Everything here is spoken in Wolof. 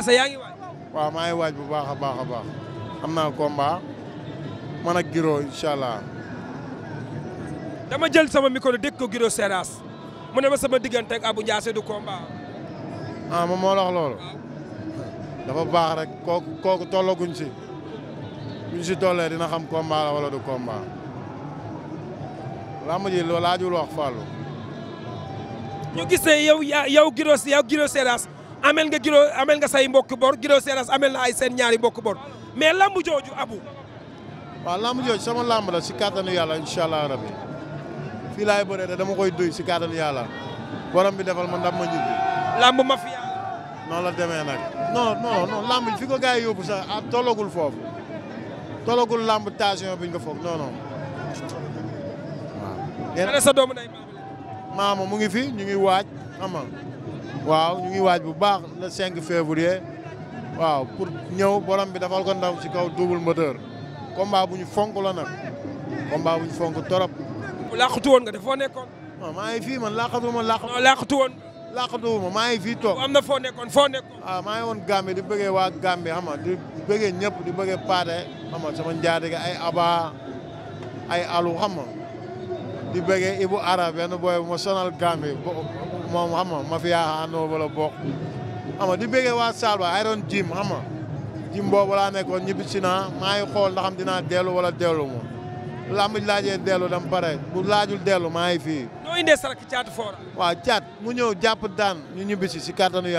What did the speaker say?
waa yaa ngi waaj. waaw maa ngi waaj bu baax a baax a baax am naa combat ma ak Giro incha allah. dama jël sama micro dégg ko Giro Seras mu ne ma sama diggante ak Abou Ndiassé du combat. ah moom moo la dafa baax rek ko kooku tollaguñ si buñ si tollee dina xam combat la wala du combat. làmb ji loolu laajul wax Fallou. ñu gisee yow yaa Giro yow Giro Seras. amel nga Guiro amel nga say mbokk bor Guiro Seras amel na ay seen ñaari mbokk bor mais lamb jooju abu waaw lamb jooju sama lamb la si kàttanu yàlla incha allah rabi fii laay bëree dama koy duy si kàttanu yàlla borom bi defal ma ndam ma ñibbi. lamb ma fi noonu la demee nag non non non lamb fi ko gars yóbbu sax ah tollagul foofu tollagul lamb tension bi ñu ko foog non non waaw. maama mu ngi fi ñu ngi waaj xam waaw ñu ngi waaj bu baax le 5 février waaw pour ñëw borom bi dafal ko ndaw ci kaw double moteur combat bu ñu fonk la nag combat bu ñu fonk torop. làqatu woon nga dafa foo nekkoon. non maa ngi fii man làqatu ma làqatu. non làqatu woon. làqatu ma maa ngi fii toog. am na foo nekkoon foo nekkoon. ah woon Gambie di bëggee waa Gambie xam di bëggee ñëpp di bëggee Paate xam sama njaatige ay Aba ay Alu xam di bëggee Ibu Ara benn booy bu ma sonal Gambie moom xam ma fi yaakaar àndoo wala bokk xam nga di bëggee waa Salba ay doon jim xam nga jim boobu laa nekkoon ñibbi si naa maa ngi xool ndax am dinaa dellu wala dellu moom lamb ji laajee dellu dam pare bu laajul dellu maa ngi fii. ñoo indee mu ñëw jàpp daan ñu ñibisi si si kàttanu